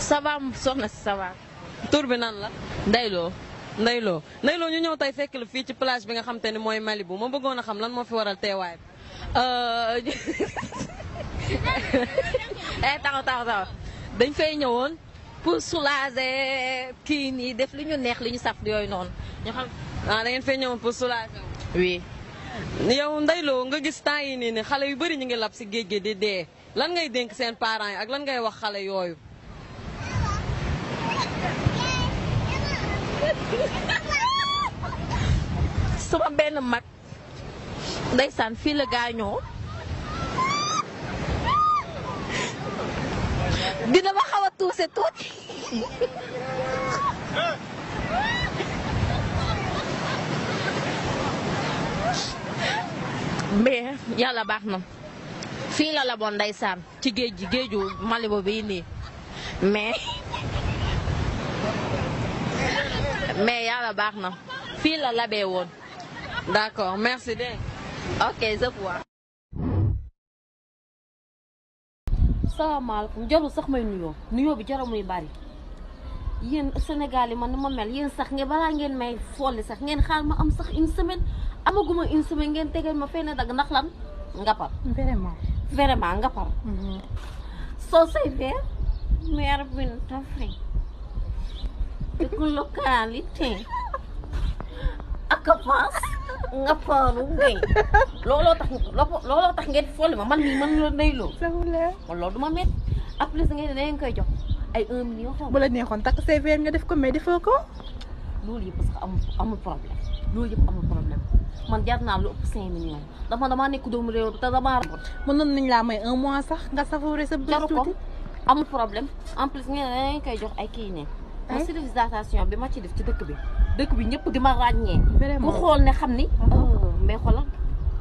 ça va soxna si ça va. tur bi nan la Ndeyloo Ndeyloo Ndeyloo ñu ñëw tey fekk la fii ci plage bi nga xam te ne mooy Malibu ma bëggoon a xam lan moo fi waral teewaay bi. Euh, eh taxaw taxaw taxaw dañ fay ñëwoon pour soulager kii nii def li ñu neex li ñu saf yooyu noonu ñu xam ah da ngeen fay ñëwoon pour soulager oui. yow Ndeyloo nga gis temps yi nii ne xale yu bari ñu ngi lab si géej gi di dee lan ngay dénk seen parents yi ak lan ngay wax xale yooyu. suma benn mag ndeysaan fii la gaañoo dina ma xaw tuuse tuuti mais yàlla baax na fii la laboon ndeysaan ci géej gi géeju Malibu bii nii mais mais yàlla baax na fii la labee woon d'accord merci dégg ok je vois. salaamaaleykum jarul sax may nuyoo nuyoo bi jarul muy bari yéen Sénégal yi man ni ma mel yéen sax ngeen balaa ngeen may folli sax ngeen xaar ma am sax une semaine amaguma une semaine ngeen tegal ma fenn dagg ndax lan nga par. vraiment vraiment nga par. Mhm. soo say weer weer bi localité ak avance nga faaru ngay looloo tax looloo tax ngeen folli ma man mii mën la day loo man loolu du ma met après ngeen ne ngeen koy jox ay 1 million xaw bu la neexoon takk say verre nga def ko mais defoo ko loolu yëpp parce que amul amul problème loolu yëpp amul problème man jar naa lu ëpp 5 millions dama damaa nekk doomu réew te damaa rabot mënoon nañ laa may un mois sax nga safoore sa bëri tuuti amul problème en plus ngeen ne ngeen koy jox ay kii ne ma civilisation bi ma ci def ci dëkk bi dëkk bi ñëpp di ma ràññee ku xool ne xam ni oh. Oh, mais xoolal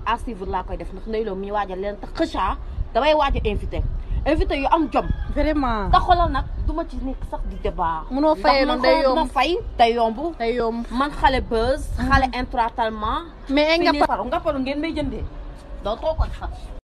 à suivre laa koy def ndax Ndeye Lo mi waajal leen te xëcca ah, damay waaj invité invité yu am jom vraiment te xoolal nag ma ci nekk sax di debaa munoo fayee noonu day yomb fay day yomb day man xale buzz mhm. xale intratalment mais nga paru nga par ngeen may jëndee doo too ko